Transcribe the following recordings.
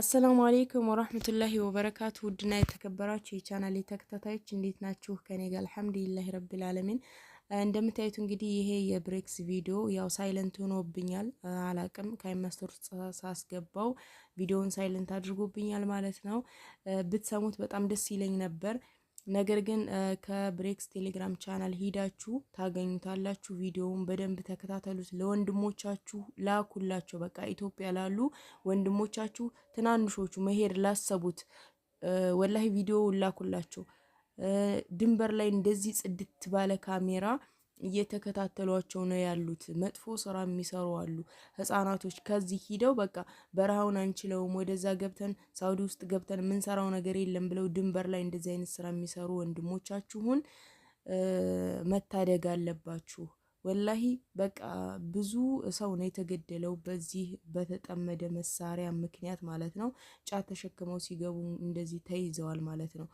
አሰላሙ አሌይኩም ወራህመቱላሂ ወበረካቱ። ውድና የተከበራችሁ የቻናል ተከታታዮች እንዴት ናችሁ? ከኔ ጋር አልሐምዱሊላህ ረብል ዓለሚን። እንደምታዩት እንግዲህ ይሄ የብሬክስ ቪዲዮ ያው ሳይለንት ሆኖብኛል፣ አላቅም ከማስተር ሳስገባው ቪዲዮውን ሳይለንት አድርጎብኛል ማለት ነው። ብትሰሙት በጣም ደስ ይለኝ ነበር። ነገር ግን ከብሬክስ ቴሌግራም ቻናል ሂዳችሁ ታገኙታላችሁ። ቪዲዮውን በደንብ ተከታተሉት። ለወንድሞቻችሁ ላኩላቸው። በቃ ኢትዮጵያ ላሉ ወንድሞቻችሁ ትናንሾቹ መሄድ ላሰቡት ወላሂ ቪዲዮውን ላኩላቸው። ድንበር ላይ እንደዚህ ጽድት ባለ ካሜራ እየተከታተሏቸው ነው ያሉት። መጥፎ ስራ የሚሰሩ አሉ ህጻናቶች። ከዚህ ሂደው በቃ በረሃውን አንችለውም፣ ወደዛ ገብተን ሳውዲ ውስጥ ገብተን የምንሰራው ነገር የለም ብለው ድንበር ላይ እንደዚህ አይነት ስራ የሚሰሩ ወንድሞቻችሁን መታደግ አለባችሁ። ወላሂ በቃ ብዙ ሰው ነው የተገደለው በዚህ በተጠመደ መሳሪያ ምክንያት ማለት ነው። ጫት ተሸክመው ሲገቡ እንደዚህ ተይዘዋል ማለት ነው።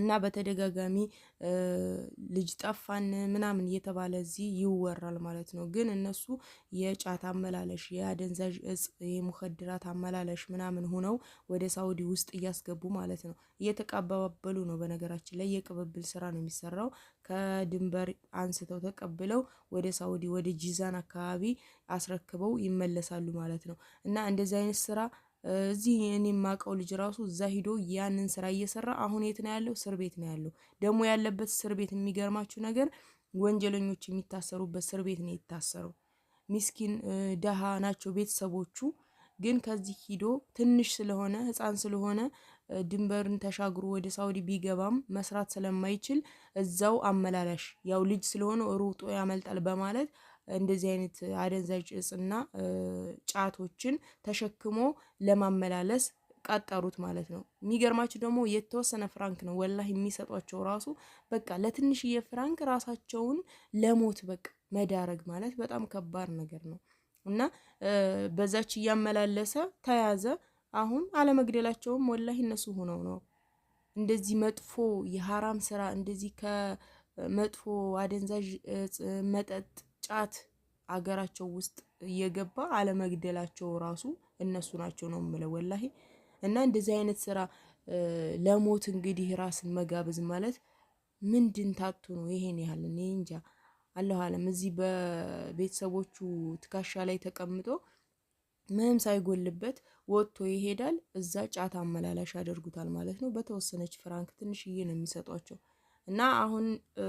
እና በተደጋጋሚ ልጅ ጠፋን ምናምን እየተባለ እዚህ ይወራል ማለት ነው። ግን እነሱ የጫት አመላለሽ፣ የአደንዛዥ እጽ፣ የሙከድራት አመላለሽ ምናምን ሆነው ወደ ሳውዲ ውስጥ እያስገቡ ማለት ነው። እየተቀባበሉ ነው። በነገራችን ላይ የቅብብል ስራ ነው የሚሰራው። ከድንበር አንስተው ተቀብለው ወደ ሳውዲ ወደ ጂዛን አካባቢ አስረክበው ይመለሳሉ ማለት ነው። እና እንደዚህ አይነት ስራ እዚህ እኔ የማውቀው ልጅ ራሱ እዛ ሂዶ ያንን ስራ እየሰራ አሁን የት ነው ያለው? እስር ቤት ነው ያለው። ደግሞ ያለበት እስር ቤት የሚገርማችሁ ነገር ወንጀለኞች የሚታሰሩበት እስር ቤት ነው የታሰረው። ሚስኪን ደሃ ናቸው ቤተሰቦቹ። ግን ከዚህ ሂዶ ትንሽ ስለሆነ ህፃን ስለሆነ ድንበርን ተሻግሮ ወደ ሳውዲ ቢገባም መስራት ስለማይችል እዛው አመላላሽ ያው ልጅ ስለሆነ ሩጦ ያመልጣል በማለት እንደዚህ አይነት አደንዛዥ እጽና ጫቶችን ተሸክሞ ለማመላለስ ቀጠሩት ማለት ነው። የሚገርማችሁ ደግሞ የተወሰነ ፍራንክ ነው ወላህ የሚሰጧቸው ራሱ በቃ ለትንሽዬ ፍራንክ ራሳቸውን ለሞት በቃ መዳረግ ማለት በጣም ከባድ ነገር ነው እና በዛች እያመላለሰ ተያዘ። አሁን አለመግደላቸውም ወላህ እነሱ ሆነው ነው እንደዚህ መጥፎ የሀራም ስራ እንደዚህ ከመጥፎ አደንዛዥ መጠጥ ጫት አገራቸው ውስጥ እየገባ አለመግደላቸው ራሱ እነሱ ናቸው ነው የምለው ወላሂ። እና እንደዚህ አይነት ስራ ለሞት እንግዲህ ራስን መጋበዝ ማለት ምንድን ታቶ ነው ይሄን ያህል እኔ እንጃ አለሁ አለም እዚህ በቤተሰቦቹ ትከሻ ላይ ተቀምጦ ምንም ሳይጎልበት ወጥቶ ይሄዳል። እዛ ጫት አመላላሽ ያደርጉታል ማለት ነው። በተወሰነች ፍራንክ ትንሽዬ ነው የሚሰጧቸው። እና አሁን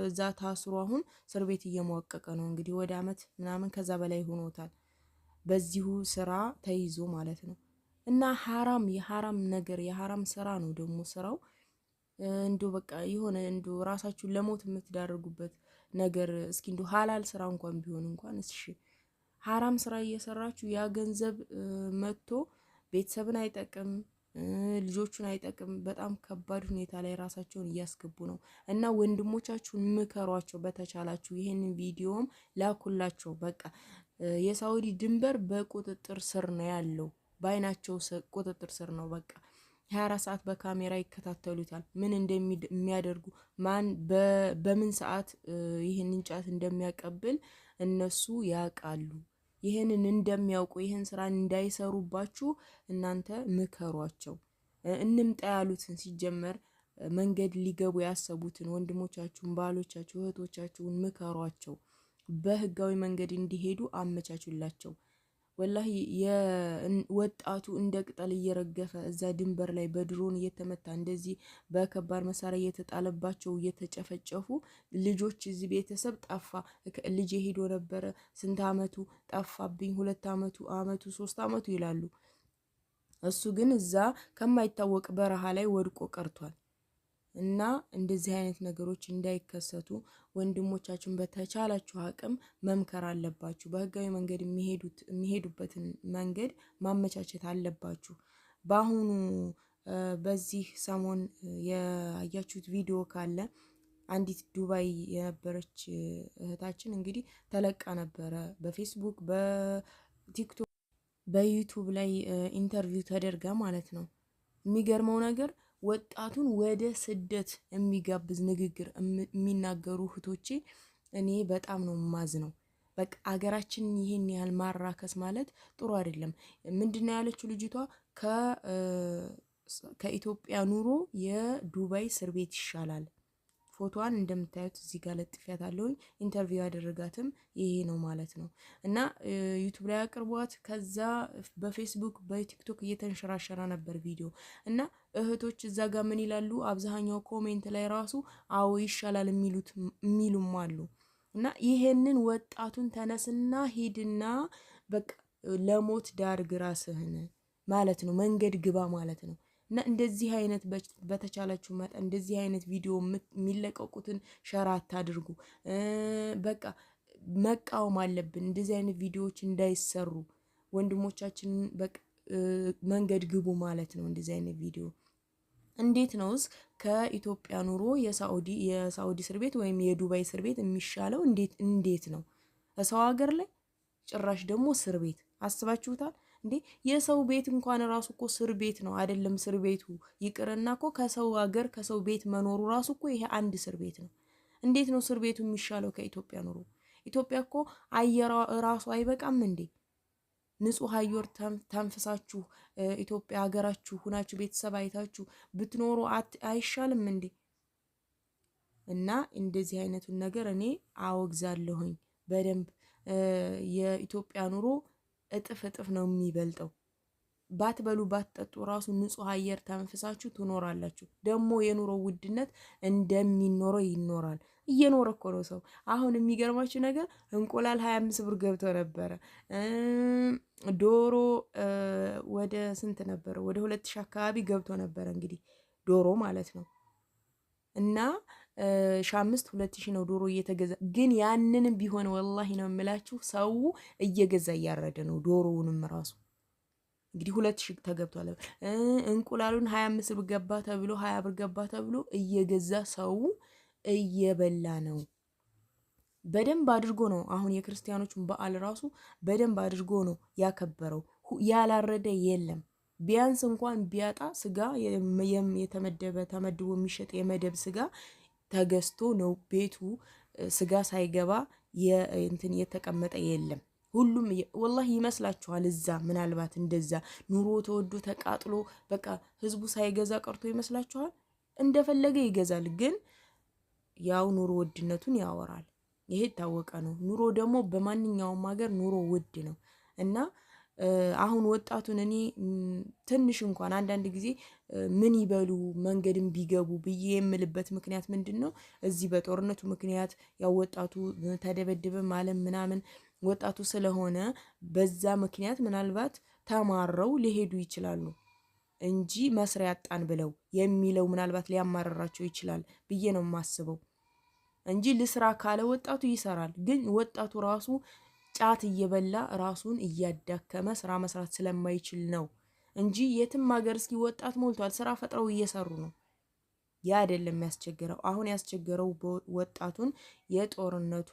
እዛ ታስሮ አሁን እስር ቤት እየሟቀቀ ነው እንግዲህ ወደ አመት ምናምን ከዛ በላይ ሆኖታል። በዚሁ ስራ ተይዞ ማለት ነው። እና ሀራም የሀራም ነገር የሀራም ስራ ነው ደግሞ ስራው እንዶ በቃ የሆነ እንዶ ራሳችሁን ለሞት የምትዳርጉበት ነገር እስኪ እንዶ ሀላል ስራ እንኳን ቢሆን እንኳን እሺ፣ ሀራም ስራ እየሰራችሁ ያ ገንዘብ መጥቶ ቤተሰብን አይጠቅም ልጆቹን አይጠቅም። በጣም ከባድ ሁኔታ ላይ ራሳቸውን እያስገቡ ነው እና ወንድሞቻችሁን ምከሯቸው በተቻላችሁ። ይህንን ቪዲዮም ላኩላቸው። በቃ የሳውዲ ድንበር በቁጥጥር ስር ነው ያለው፣ በአይናቸው ቁጥጥር ስር ነው በቃ ሀያ አራት ሰዓት በካሜራ ይከታተሉታል። ምን እንደሚያደርጉ ማን በምን ሰዓት ይህን እንጫት እንደሚያቀብል እነሱ ያውቃሉ። ይህንን እንደሚያውቁ ይህን ስራ እንዳይሰሩባችሁ እናንተ ምከሯቸው። እንምጣ ያሉትን ሲጀመር መንገድ ሊገቡ ያሰቡትን ወንድሞቻችሁን፣ ባሎቻችሁ፣ እህቶቻችሁን ምከሯቸው። በህጋዊ መንገድ እንዲሄዱ አመቻቹላቸው። ወላሂ ወጣቱ እንደ ቅጠል እየረገፈ እዛ ድንበር ላይ በድሮን እየተመታ እንደዚህ በከባድ መሳሪያ እየተጣለባቸው እየተጨፈጨፉ ልጆች እዚህ ቤተሰብ ጠፋ። ልጄ ሄዶ ነበረ ስንት አመቱ ጠፋብኝ፣ ሁለት አመቱ፣ አመቱ፣ ሶስት አመቱ ይላሉ። እሱ ግን እዛ ከማይታወቅ በረሃ ላይ ወድቆ ቀርቷል። እና እንደዚህ አይነት ነገሮች እንዳይከሰቱ ወንድሞቻችን በተቻላችሁ አቅም መምከር አለባችሁ። በህጋዊ መንገድ የሚሄዱበትን መንገድ ማመቻቸት አለባችሁ። በአሁኑ በዚህ ሰሞን ያያችሁት ቪዲዮ ካለ አንዲት ዱባይ የነበረች እህታችን እንግዲህ ተለቃ ነበረ በፌስቡክ በቲክቶክ በዩቱብ ላይ ኢንተርቪው ተደርጋ ማለት ነው። የሚገርመው ነገር ወጣቱን ወደ ስደት የሚጋብዝ ንግግር የሚናገሩ እህቶቼ እኔ በጣም ነው ማዝ ነው። በቃ አገራችን ይህን ያህል ማራከስ ማለት ጥሩ አይደለም። ምንድነው ያለችው ልጅቷ? ከኢትዮጵያ ኑሮ የዱባይ እስር ቤት ይሻላል። ፎቶዋን እንደምታዩት እዚህ ጋር ለጥፊያት አለውኝ። ኢንተርቪው ያደረጋትም ይሄ ነው ማለት ነው። እና ዩቱብ ላይ አቅርቧት ከዛ በፌስቡክ በቲክቶክ እየተንሸራሸራ ነበር ቪዲዮ እና እህቶች እዛ ጋር ምን ይላሉ? አብዛኛው ኮሜንት ላይ ራሱ አዎ ይሻላል የሚሉት የሚሉም አሉ። እና ይሄንን ወጣቱን ተነስና ሂድና በቃ ለሞት ዳርግ ራስህን ማለት ነው መንገድ ግባ ማለት ነው። እና እንደዚህ አይነት በተቻላችሁ መጠን እንደዚህ አይነት ቪዲዮ የሚለቀቁትን ሸራ አታድርጉ። በቃ መቃወም አለብን። እንደዚህ አይነት ቪዲዮዎች እንዳይሰሩ ወንድሞቻችንን መንገድ ግቡ ማለት ነው። እንደዚህ አይነት ቪዲዮ እንዴት ነውስ ከኢትዮጵያ ኑሮ የሳኡዲ የሳኡዲ እስር ቤት ወይም የዱባይ እስር ቤት የሚሻለው እንዴት እንዴት ነው? ሰው ሀገር ላይ ጭራሽ ደግሞ እስር ቤት አስባችሁታል? እንዴ የሰው ቤት እንኳን ራሱ እኮ ስር ቤት ነው አይደለም? ስር ቤቱ ይቅርና እኮ ከሰው ሀገር ከሰው ቤት መኖሩ ራሱ እኮ ይሄ አንድ ስር ቤት ነው። እንዴት ነው ስር ቤቱ የሚሻለው ከኢትዮጵያ ኑሮ? ኢትዮጵያ እኮ አየር ራሱ አይበቃም እንዴ? ንጹህ አየር ተንፍሳችሁ ኢትዮጵያ ሀገራችሁ ሁናችሁ ቤተሰብ አይታችሁ ብትኖሩ አይሻልም እንዴ? እና እንደዚህ አይነቱን ነገር እኔ አወግዛለሁኝ በደንብ የኢትዮጵያ ኑሮ እጥፍ እጥፍ ነው የሚበልጠው። ባትበሉ ባትጠጡ ራሱ ንጹህ አየር ተንፍሳችሁ ትኖራላችሁ። ደግሞ የኑሮ ውድነት እንደሚኖረው ይኖራል። እየኖረ እኮ ነው ሰው። አሁን የሚገርማችሁ ነገር እንቁላል ሀያ አምስት ብር ገብቶ ነበረ። ዶሮ ወደ ስንት ነበረ? ወደ ሁለት ሺህ አካባቢ ገብቶ ነበረ። እንግዲህ ዶሮ ማለት ነው እና ሺህ አምስት ሁለት ነው ዶሮ እየተገዛ ግን ያንንም ቢሆን ወላሂ ነው የምላችሁ ሰው እየገዛ እያረደ ነው። ዶሮውንም ራሱ እንግዲህ ሁለት ሺህ ተገብቷል። እንቁላሉን ሀያ አምስት ብር ገባ ተብሎ ሀያ ብር ገባ ተብሎ እየገዛ ሰው እየበላ ነው። በደንብ አድርጎ ነው አሁን የክርስቲያኖቹን በዓል ራሱ በደንብ አድርጎ ነው ያከበረው። ያላረደ የለም። ቢያንስ እንኳን ቢያጣ ስጋ የተመደበ ተመድቦ የሚሸጥ የመደብ ስጋ ተገዝቶ ነው ቤቱ ስጋ ሳይገባ እንትን የተቀመጠ የለም። ሁሉም ወላሂ ይመስላችኋል። እዛ ምናልባት እንደዛ ኑሮ ተወዶ ተቃጥሎ በቃ ህዝቡ ሳይገዛ ቀርቶ ይመስላችኋል። እንደፈለገ ይገዛል፣ ግን ያው ኑሮ ውድነቱን ያወራል። ይሄ የታወቀ ነው። ኑሮ ደግሞ በማንኛውም ሀገር ኑሮ ውድ ነው እና አሁን ወጣቱን እኔ ትንሽ እንኳን አንዳንድ ጊዜ ምን ይበሉ መንገድም ቢገቡ ብዬ የምልበት ምክንያት ምንድን ነው? እዚህ በጦርነቱ ምክንያት ያው ወጣቱ ተደበደበ ማለም ምናምን ወጣቱ ስለሆነ በዛ ምክንያት ምናልባት ተማረው ሊሄዱ ይችላሉ እንጂ መስሪያ ያጣን ብለው የሚለው ምናልባት ሊያማረራቸው ይችላል ብዬ ነው የማስበው እንጂ ልስራ ካለ ወጣቱ ይሰራል። ግን ወጣቱ ራሱ ጫት እየበላ ራሱን እያዳከመ ስራ መስራት ስለማይችል ነው እንጂ የትም ሀገር እስኪ ወጣት ሞልቷል። ስራ ፈጥረው እየሰሩ ነው። ያ አይደለም ያስቸገረው። አሁን ያስቸገረው ወጣቱን የጦርነቱ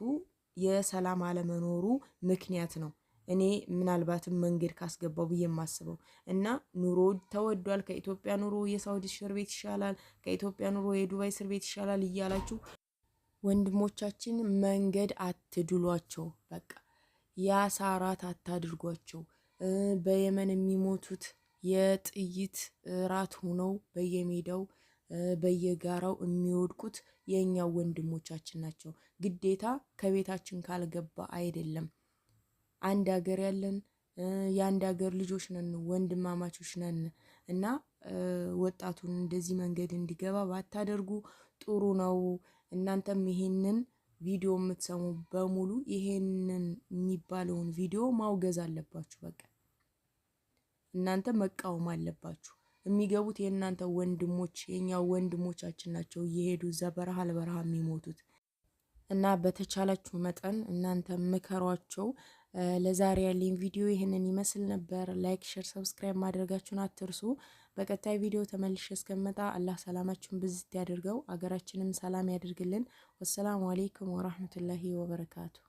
የሰላም አለመኖሩ ምክንያት ነው። እኔ ምናልባትም መንገድ ካስገባው ብዬ የማስበው እና ኑሮ ተወዷል። ከኢትዮጵያ ኑሮ የሳውዲ እስር ቤት ይሻላል፣ ከኢትዮጵያ ኑሮ የዱባይ እስር ቤት ይሻላል እያላችሁ ወንድሞቻችን መንገድ አትድሏቸው። በቃ የአሳራት አታድርጓቸው። በየመን የሚሞቱት የጥይት ራት ሆነው በየሜዳው በየጋራው የሚወድቁት የእኛው ወንድሞቻችን ናቸው። ግዴታ ከቤታችን ካልገባ አይደለም። አንድ ሀገር ያለን የአንድ ሀገር ልጆች ነን፣ ወንድማማቾች ነን እና ወጣቱን እንደዚህ መንገድ እንዲገባ ባታደርጉ ጥሩ ነው። እናንተም ይሄንን ቪዲዮ የምትሰሙ በሙሉ ይሄንን የሚባለውን ቪዲዮ ማውገዝ አለባችሁ በቃ እናንተ መቃወም አለባችሁ። የሚገቡት የእናንተ ወንድሞች የኛ ወንድሞቻችን ናቸው እየሄዱ እዛ በረሃ ለበረሃ የሚሞቱት እና በተቻላችሁ መጠን እናንተ ምከሯቸው። ለዛሬ ያለኝ ቪዲዮ ይህንን ይመስል ነበር። ላይክ፣ ሸር፣ ሰብስክራይብ ማድረጋችሁን አትርሱ። በቀጣይ ቪዲዮ ተመልሼ እስከመጣ አላህ ሰላማችሁን ብዝት ያድርገው፣ አገራችንም ሰላም ያድርግልን። ወሰላሙ አሌይኩም ወራህመቱላሂ ወበረካቱ